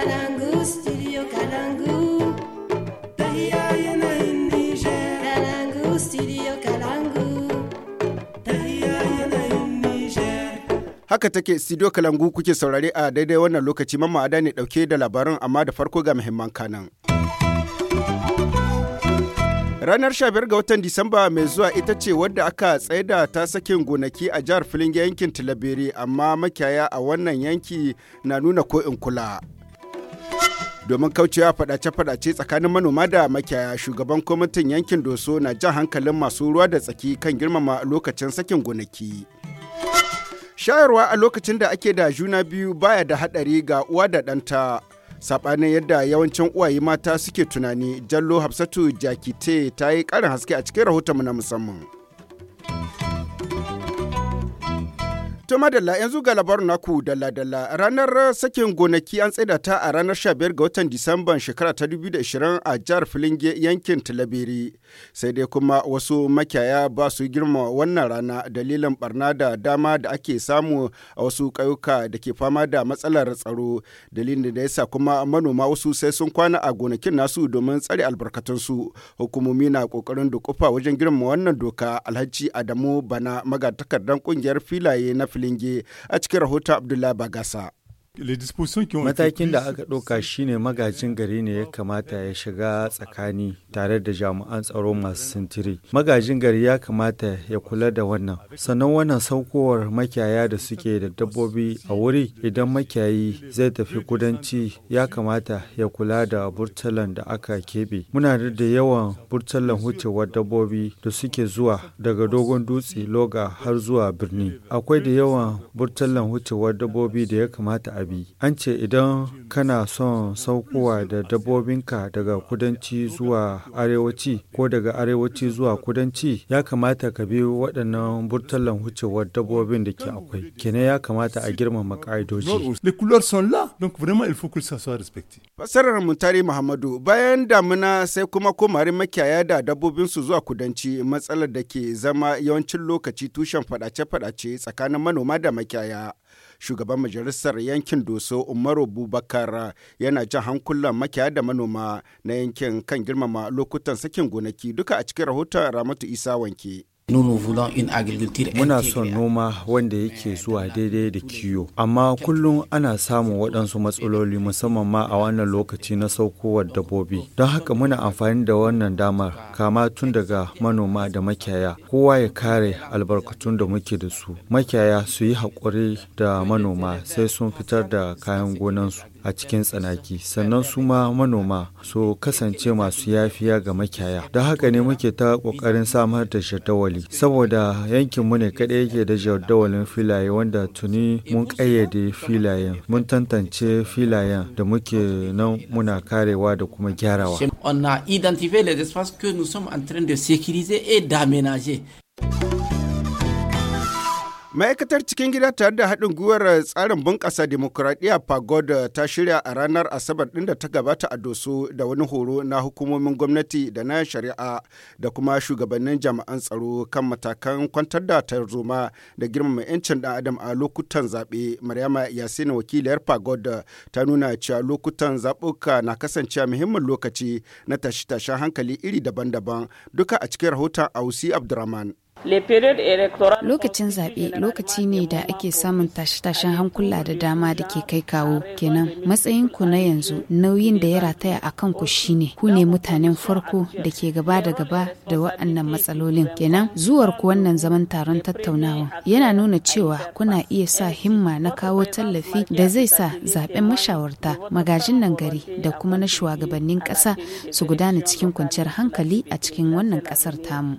Kalangu, Haka take studio Kalangu kuke saurare a daidai wannan lokaci mamma ne dauke da labarin amma da farko ga muhimman kanan. Ranar 15 ga watan Disamba mai zuwa ita ce wadda aka tsaida ta sakin gonaki a jihar filin yankin Tilaberi amma makiyaya a wannan yanki na nuna ko in kula. domin kaucewa fadace-fadace tsakanin manoma da makiyaya shugaban kwamitin yankin doso na jan hankalin masu ruwa da tsaki kan girmama lokacin sakin gonaki shayarwa a lokacin da ake da juna biyu baya da hadari ga uwa da ɗanta saɓanin yadda yawancin uwaye mata suke tunani jallo hafsatu jakite ta yi ƙarin haske a cikin rahoton na musamman To madalla yanzu ga labarin naku dalla-dalla ranar sakin gonaki an tsaida ta a ranar 15 ga watan Disamban shekara ta 2020 a jihar Filinge yankin Talabiri. Sai dai kuma wasu makiyaya ba su girma wannan rana dalilin barna da dama da ake samu a wasu ƙauyuka da ke fama da matsalar tsaro. Dalilin da yasa kuma manoma wasu sai sun kwana a gonakin nasu domin tsare albarkatunsu. Hukumomi na ƙoƙarin kufa wajen girma wannan doka Alhaji Adamu Bana magatakardan ƙungiyar filaye na Filinge. filingi a cikin rahoton abdullahi bagasa Matakin da aka ɗauka shine magajin gari ne ya kamata ya shiga tsakani tare da jami'an tsaro masu sintiri. Magajin gari ya kamata ya kula da wannan. Sannan wannan saukowar makiyaya da suke da dabbobi a wuri idan makiyayi zai tafi kudanci ya kamata ya kula da burtalan da aka keɓe. Muna da yawan burtalan hucewar dabbobi da suke zuwa daga dogon dutse loga har zuwa birni. Akwai da yawan burtalan hucewar dabbobi da ya kamata a An ce idan kana son saukowa da dabbobinka daga kudanci zuwa arewaci ko daga arewaci zuwa kudanci ya kamata ka bi waɗannan burtalan wucewar dabbobin da ke akwai. Kenan ya kamata a girmama ƙa'idoji. Fasarar Mutari Muhammadu bayan damuna sai kuma komarin makiyaya da dabbobinsu zuwa kudanci matsalar da ke zama yawancin lokaci tushen faɗace-faɗace tsakanin manoma da makiyaya. shugaban majalisar yankin doso umaru bubakar yana jan hankulan makiya da manoma na yankin kan girmama lokutan sakin gonaki duka a cikin rahoton ramatu isa wanke Muna son noma wanda yake zuwa daidai da kiyo, amma kullum ana samun waɗansu matsaloli musamman ma a wannan lokaci na saukowar dabbobi. Don haka muna amfani da wannan damar kama tun daga manoma da makiyaya, kowa ya kare albarkatun da muke da su. Makiyaya su yi haƙuri da manoma sai sun fitar da kayan gonansu. a cikin tsanaki sannan su ma manoma so kasance masu yafiya ga makiyaya da haka ne muke ta kokarin samar da jadawali saboda yankin mu ne kadai yake da jadawalin filaye wanda tuni mun kayyade filayen mun tantance filayen da muke nan muna karewa da kuma gyarawa Ma'aikatar cikin gida tare da haɗin gwiwar eh, tsarin bunƙasa demokuraɗiyya Pagod eh, ta shirya a ranar Asabar ɗin da ta gabata a Doso da wani horo na hukumomin gwamnati da na shari'a da kuma shugabannin jami'an tsaro kan matakan kwantar da tarzoma da girmama 'yancin ɗan adam a lokutan zaɓe. Maryama Yasin wakiliyar Pagod eh, ta nuna cewa lokutan zaɓuka na kasancewa muhimmin lokaci na tashe-tashen hankali iri daban-daban duka a cikin rahoton Ausi Abdurrahman. Lokacin zaɓe lokaci ne da ake samun tashe-tashen hankula da dama da ke kai kawo kenan matsayin ku na yanzu nauyin da ya rataya a kan ku shine ku ne mutanen farko da ke gaba da gaba da wa'annan matsalolin kenan zuwar ku wannan zaman taron tattaunawa yana nuna cewa kuna iya sa himma na kawo tallafi da zai sa zaɓen mashawarta magajin nan gari da kuma na shugabannin ƙasa su gudana cikin kwanciyar hankali a cikin wannan ƙasar tamu.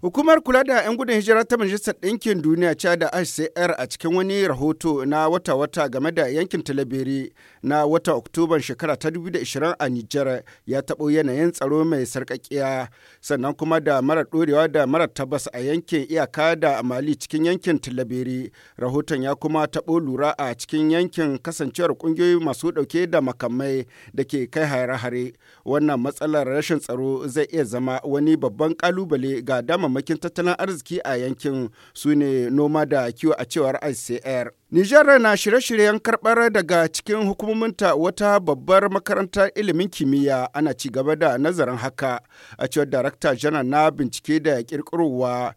Hukumar kula da 'yan gudun hijira ta Majalisar Ɗinkin Duniya ca da HCR a cikin wani rahoto na wata-wata game da yankin Talabiri na wata Oktoban shekara ta 2020 a Nijar ya taɓo yanayin tsaro mai sarƙaƙiya sannan kuma da mara ɗorewa da mara tabbas a yankin iyaka da Mali cikin yankin Talabiri. Rahoton ya kuma taɓo lura a cikin yankin kasancewar ƙungiyoyi masu ɗauke da makamai da ke kai hare-hare. Wannan matsalar rashin tsaro zai iya zama wani babban ƙalubale ga dama damammakin tattalin arziki a yankin su ne noma da kiwo a cewar ICR. Nijar na shirye-shiryen karɓar daga cikin hukumominta wata babbar makarantar ilimin kimiyya ana ci gaba da nazarin haka a cewar darakta janar na bincike da kirkirowa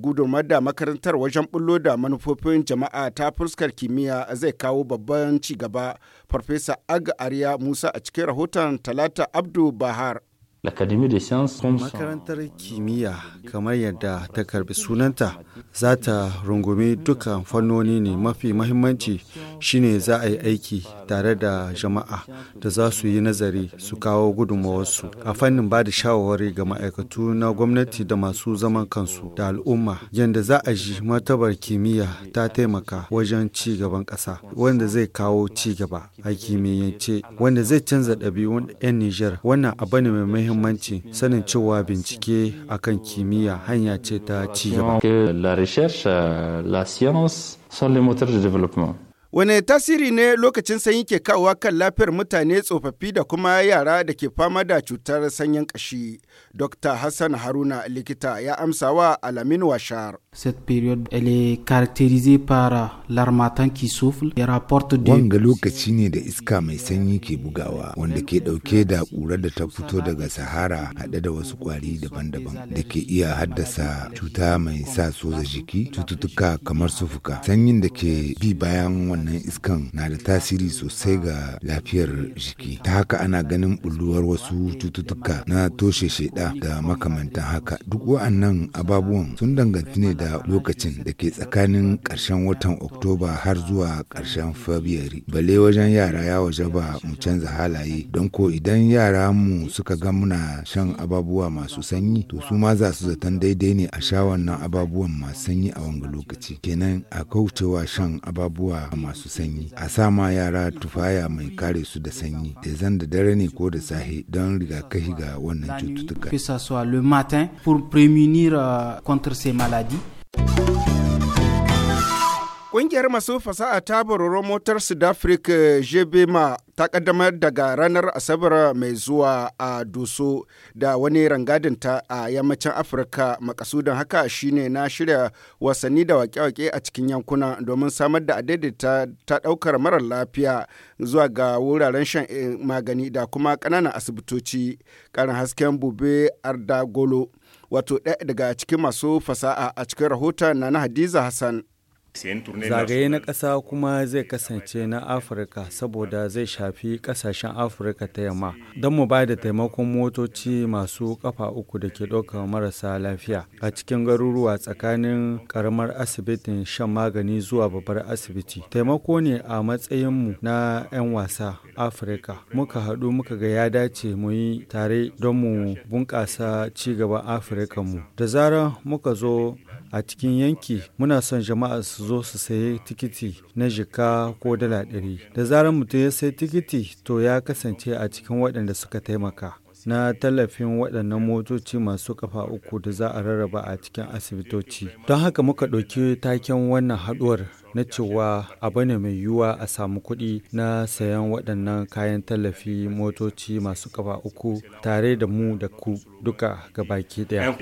gudunmar da makarantar wajen bullo da manufofin jama'a ta fuskar kimiyya zai kawo babban ci gaba farfesa aga ariya musa a cikin rahoton talata abdu bahar Makarantar kimiyya kamar yadda ta karbi sunanta za ta rungumi dukkan fannoni ne mafi mahimmanci shine za a yi aiki tare da jama'a da za su yi nazari su kawo gudunmawarsu a fannin ba da shawarwari ga ma'aikatu na gwamnati da masu zaman kansu da al'umma yadda za a ji martabar kimiyya ta taimaka wajen ci gaban ƙasa wanda zai kawo ci gaba a kimiyyance wanda zai canza ɗabi'un 'yan Nijar wannan abu ne mai La recherche, la science sont les moteurs du développement. Wane tasiri ne lokacin sanyi ke kawowa kan lafiyar mutane tsofaffi da kuma yara da ke fama da cutar sanyin kashi? Dr. Hassan Haruna likita ya amsa wa Alamin Washar. Cette période elle est caractérisée par l'armatan qui souffle et rapporte de Wanga lokaci ne da iska mai sanyi ke bugawa wanda ke dauke da ƙura da ta fito daga Sahara haɗe da wasu ƙwari daban-daban da ke iya haddasa cuta mai sa soza jiki, cututtuka kamar sufuka. Sanyin da ke bi bayan wannan iskan na da tasiri sosai ga lafiyar jiki ta haka ana ganin bulluwar wasu cututtuka na toshe sheda da makamantan haka duk wa'annan ababuwan sun danganci ne da lokacin da ke tsakanin ƙarshen watan oktoba har zuwa ƙarshen fabiyari Bale wajen yara ya waje ba mu canza halaye don ko idan yara mu suka ga muna shan ababuwa masu sanyi to su ma za su zaton daidai ne a sha wannan ababuwan masu sanyi a wanga lokaci kenan a kaucewa shan ababuwa masu masu sanyi a sama yara tufaya mai kare su da sanyi da zan da dare ne ko da sahi don rigakafi ga wannan cututtuka. Que ce soit le matin pour prémunir euh, contre ces maladies Ƙungiyar masu fasaha ta bororo motar Africa Jebema ta kaddamar daga ranar Asabar mai zuwa a Doso da wani rangadinta a yammacin Afirka makasudin haka shine na shirya wasanni da wake-wake a cikin yankuna domin samar da adaidaita ta ɗaukar marar lafiya zuwa ga wuraren shan eh, magani da kuma ƙananan asibitoci. Ƙarin hasken Bube Ardagolo wato ɗaya daga cikin masu fasaha a cikin rahoton na Hadiza Hassan. Zagaye na ƙasa kuma zai kasance na Afirka saboda zai shafi ƙasashen Afirka ta yamma don mu ba da taimakon motoci masu kafa uku da ke ɗaukar marasa lafiya a cikin garuruwa tsakanin karamar asibitin shan magani zuwa babbar asibiti. Taimako ne a matsayinmu na 'yan wasa Afirka. Muka haɗu muka ga ya dace mu yi tare don mu bunƙasa ci gaban Afirka mu. Da zarar muka zo a cikin yanki muna son jama'a su zo su sayi tikiti na jika ko dala ɗari da zarar mutum ya sayi tikiti to ya kasance a cikin waɗanda suka taimaka na tallafin waɗannan motoci masu kafa uku da za a rarraba a cikin asibitoci. Don haka muka ɗauki taken wannan haɗuwar na cewa abu ne mai yiwuwa a samu kuɗi na sayan waɗannan kayan tallafi motoci masu kafa uku tare da mu da ku duka ga baki ɗaya.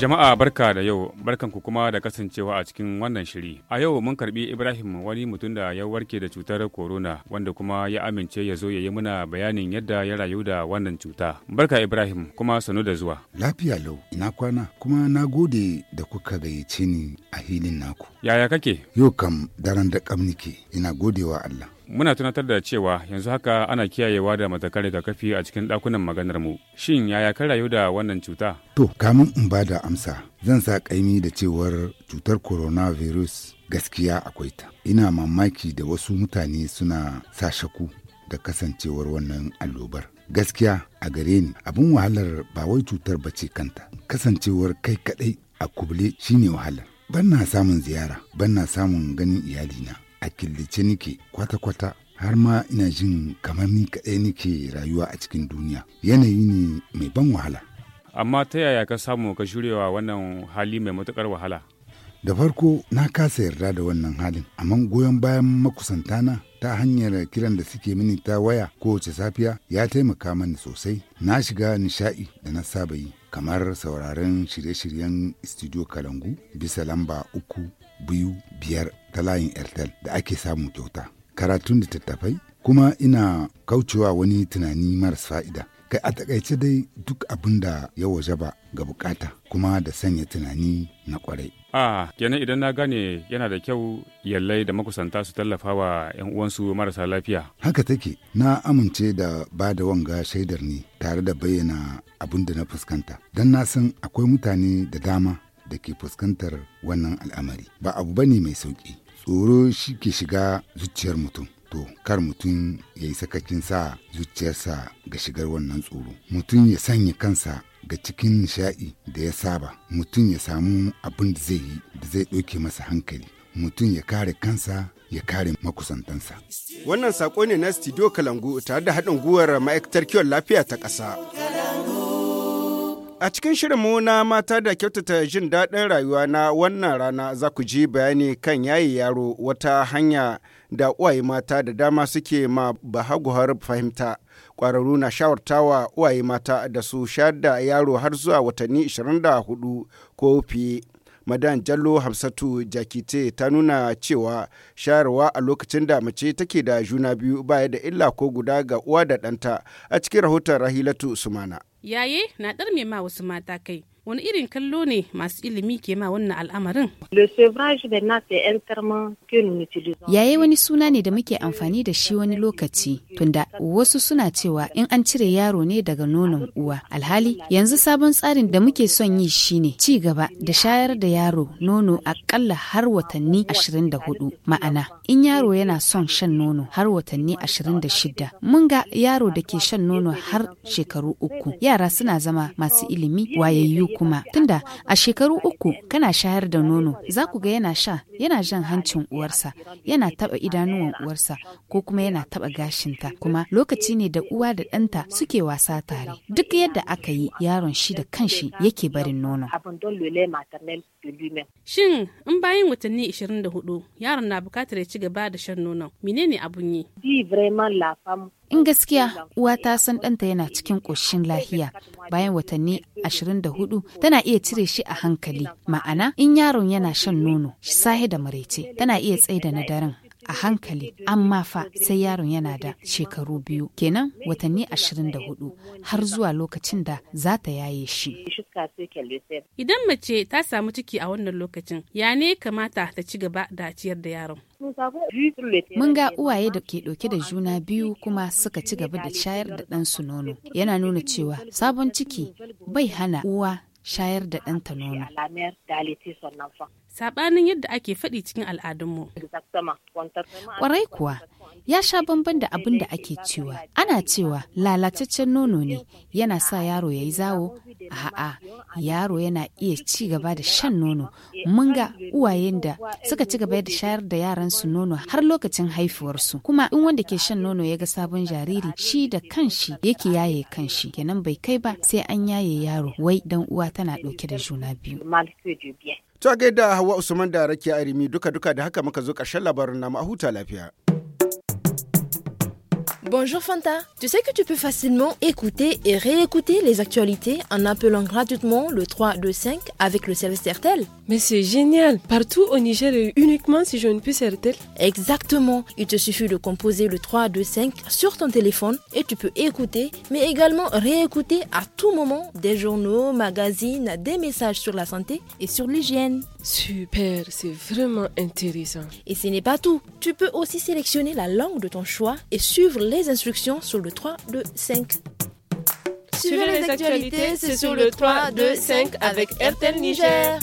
Jama'a barka da yau, barkanku kuma da kasancewa a cikin wannan shiri. A yau mun karbi Ibrahim wani mutum da ya warke da cutar corona wanda kuma ya amince ya zo ya yi muna bayanin yadda ya rayu da wannan cuta. Barka Ibrahim kuma sanu da zuwa. Lafiya lau, ina kwana kuma na gode da kuka gayyace ni a hilin naku. Yaya kake? Yau kam daren da kam nike, ina godewa Allah. muna tunatar da cewa yanzu haka ana kiyayewa da matakan rigakafi a cikin ɗakunan maganar mu shin yaya kan rayu da wannan cuta to kamun in ba da amsa zan sa kaimi da cewar cutar coronavirus gaskiya akwai ta ina mamaki da wasu mutane suna sa shaku da kasancewar wannan allobar gaskiya a gare ni abin wahalar ba wai cutar bace kanta kasancewar kai kaɗai a kubule shine wahalar ban na samun ziyara ban na samun ganin iyalina a killace nike kwata-kwata har ma ina jin kamar ni kaɗai nike rayuwa a cikin duniya yanayi ne mai ban wahala amma ta yaya ka samu ka shirya wannan hali mai matuƙar wahala da farko na kasa yarda da wannan halin amma goyon bayan makusantana ta hanyar kiran da suke mini ta waya kowace safiya ya taimaka mani sosai na shiga nishaɗi da na saba yi kamar sauraron shirye-shiryen studio kalangu bisa lamba uku biyu biyar ta layin airtel da ake samu kyauta karatun da tattafai kuma ina kaucewa wani tunani maras fa'ida kai a takaice dai duk abin da ya waje ba ga bukata kuma da sanya tunani na kwarai a kenan idan na gane yana da kyau yallai da makusanta su tallafa wa 'yan uwansu marasa lafiya haka take na amince da ba da wanga shaidar ne tare da bayyana abin da na fuskanta don na san akwai mutane da dama da ke fuskantar wannan al'amari ba abu bane mai sauki tsoro shi ke shiga zuciyar mutum to kar mutum ya yi sakacin sa zuciyarsa ga shigar wannan tsoro mutum ya sanya kansa ga cikin nishaɗi da ya saba mutum ya samu abin da zai yi da zai ɗauke masa hankali mutum ya kare kansa ya kare makusantansa. Wannan saƙo ne na Studio Kalangu tare da haɗin gwiwar ma'aikatar kiwon lafiya ta ƙasa. A cikin shirin mu na mata da kyautata jin daɗin rayuwa na wannan rana za ku ji bayani kan yayi yaro wata hanya da uwaye mata da dama suke ma bahaguhar fahimta. Ƙwararru na shawartawa uwaye mata da su shayar da yaro har zuwa watanni 24 ko fiye. Madan Jallo Hamsatu Jakite ta nuna cewa shayarwa a lokacin da mace take da juna biyu baya da illa ko guda ga uwa da ɗanta a cikin rahoton Rahilatu Sumana. yaye na ɗarme ma wasu mata kai wani irin kallo ne masu ilimi ke ma wannan al'amarin yayi wani suna ne da muke amfani da shi wani lokaci tunda wasu suna cewa in an cire yaro ne daga nonon uwa alhali yanzu sabon tsarin da muke son yi shine ci gaba da shayar da yaro nono akalla har watanni ashirin da hudu ma'ana in yaro yana son shan nono har watanni ashirin da 26 mun ga yaro da ke shan nono har shekaru uku yara suna zama masu ilimi wayayyu kuma tunda a shekaru uku kana shayar da nono za ku ga yana sha yana jan hancin uwarsa yana taba idanuwan uwarsa ko kuma yana taba gashinta kuma lokaci ne da uwa da ɗanta suke wasa tare duk yadda aka yi yaron shi da kanshi yake barin nono Shin in bayan watanni 24 yaron na bukatar ya ci gaba da shan nono menene abun yi? In gaskiya uwa ta san ɗanta yana cikin ƙoshin lahiya bayan watanni 24 tana iya cire shi a hankali ma'ana in yaron yana shan nono sahi da maraice tana iya tsaida na daren a hankali amma fa sai yaron yana da shekaru biyu kenan watanni ashirin da hudu har zuwa lokacin da za ta yaye shi. Idan mace ta samu ciki a wannan lokacin ya ne kamata ta ci gaba da ciyar da yaron. Mun ga uwaye da ke ɗauke da juna biyu kuma suka ci gaba da shayar da ɗansu nono. Yana nuna cewa sabon ciki bai hana uwa shayar da ɗanta nono. Saɓanin yadda ake faɗi cikin al'adunmu. Ƙwarai kuwa, ya sha bamban da abin da ake cewa. Ana cewa lalataccen nono ne yana sa yaro ya yi zawo, a'a yaro yana iya ci gaba da shan nono. Mun ga uwayen da suka ci gaba da shayar da yaransu nono har lokacin haifuwarsu. Kuma in wanda ke shan nono ya ga sabon jariri shi da kanshi yake yaye kanshi kenan bai kai ba sai an yaye yaro wai dan uwa tana dauke da juna biyu. To a gaida Hawa Usman da Rakiya Arimi duka-duka da haka muka zo karshen labarin na a huta lafiya. Bonjour Fanta, tu sais que tu peux facilement écouter et réécouter les actualités en appelant gratuitement le 325 avec le service RTL. Mais c'est génial, partout au Niger et uniquement si je ne puce RTL. Exactement, il te suffit de composer le 325 sur ton téléphone et tu peux écouter mais également réécouter à tout moment des journaux, magazines, des messages sur la santé et sur l'hygiène. Super, c'est vraiment intéressant. Et ce n'est pas tout. Tu peux aussi sélectionner la langue de ton choix et suivre les instructions sur le 3, 2, 5. Suivez les actualités, c'est sur le 3, 2, 5 avec RTL Niger.